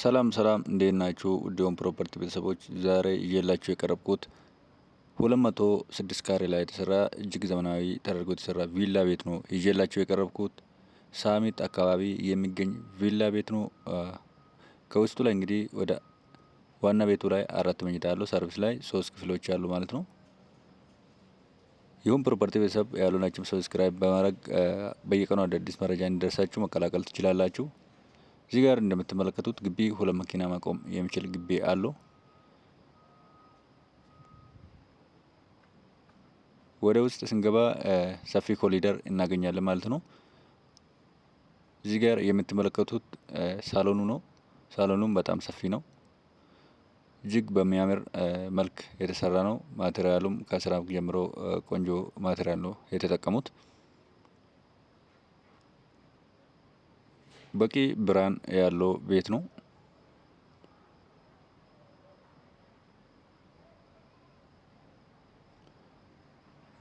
ሰላም ሰላም እንዴት ናችሁ? እንዲሁም ፕሮፐርቲ ቤተሰቦች ዛሬ እየላችሁ የቀረብኩት 206 ካሬ ላይ የተሰራ እጅግ ዘመናዊ ተደርጎ የተሰራ ቪላ ቤት ነው እየላችሁ የቀረብኩት ሳሚት አካባቢ የሚገኝ ቪላ ቤት ነው። ከውስጡ ላይ እንግዲህ ወደ ዋና ቤቱ ላይ አራት መኝታ ያለው ሰርቪስ ላይ ሶስት ክፍሎች ያሉ ማለት ነው። ይሁን ፕሮፐርቲ ቤተሰብ ያሉናችሁም ሰብስክራይብ በማድረግ በየቀኑ አዳዲስ መረጃ እንዲደርሳችሁ መቀላቀል ትችላላችሁ። እዚህ ጋር እንደምትመለከቱት ግቢ ሁለት መኪና መቆም የሚችል ግቢ አለው። ወደ ውስጥ ስንገባ ሰፊ ኮሊደር እናገኛለን ማለት ነው። እዚህ ጋር የምትመለከቱት ሳሎኑ ነው። ሳሎኑም በጣም ሰፊ ነው። እጅግ በሚያምር መልክ የተሰራ ነው። ማቴሪያሉም ከስራ ጀምሮ ቆንጆ ማቴሪያል ነው የተጠቀሙት። በቂ ብርሃን ያለው ቤት ነው።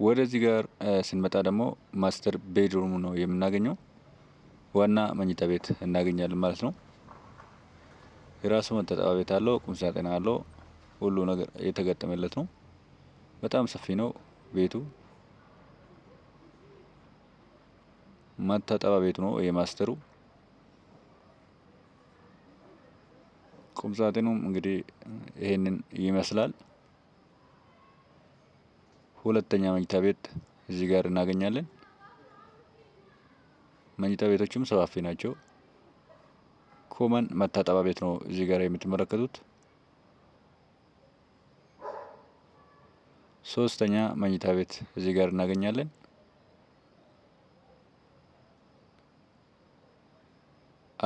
ወደዚህ ጋር ስንመጣ ደግሞ ማስተር ቤድሩም ነው የምናገኘው። ዋና መኝታ ቤት እናገኛለን ማለት ነው። የራሱ መታጠቢያ ቤት አለው፣ ቁምሳጥን አለው፣ ሁሉ ነገር የተገጠመለት ነው። በጣም ሰፊ ነው ቤቱ። መታጠቢያ ቤቱ ነው የማስተሩ ቁም እንግዲህ ይሄንን ይመስላል። ሁለተኛ መኝታ ቤት እዚህ ጋር እናገኛለን። መኝታ ቤቶቹም ሰፋፊ ናቸው። ኮመን መታጠባ ቤት ነው እዚህ ጋር የምትመለከቱት። ሶስተኛ መኝታ ቤት እዚህ ጋር እናገኛለን።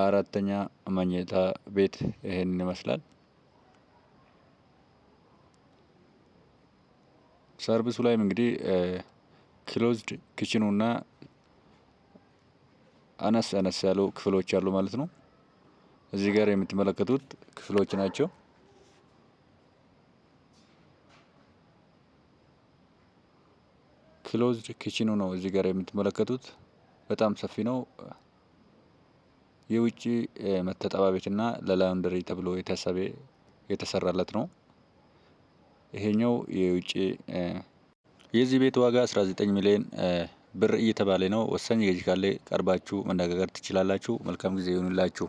አራተኛ መኝታ ቤት ይህን ይመስላል። ሰርቪሱ ላይም እንግዲህ ክሎዝድ እና አነስ አነስ ያሉ ክፍሎች አሉ ማለት ነው። እዚህ ጋር የምትመለከቱት ክፍሎች ናቸው። ክሎዝድ ክችኑ ነው እዚህ ጋር የምትመለከቱት። በጣም ሰፊ ነው። የውጪ መታጠቢያ ቤትና ለላውንደሪ ተብሎ የተሰራለት ነው። ይሄኛው የውጪ የዚህ ቤት ዋጋ 19 ሚሊዮን ብር እየተባለ ነው። ወሳኝ ገዢ ካለ ቀርባችሁ መነጋገር ትችላላችሁ። መልካም ጊዜ ይሁንላችሁ።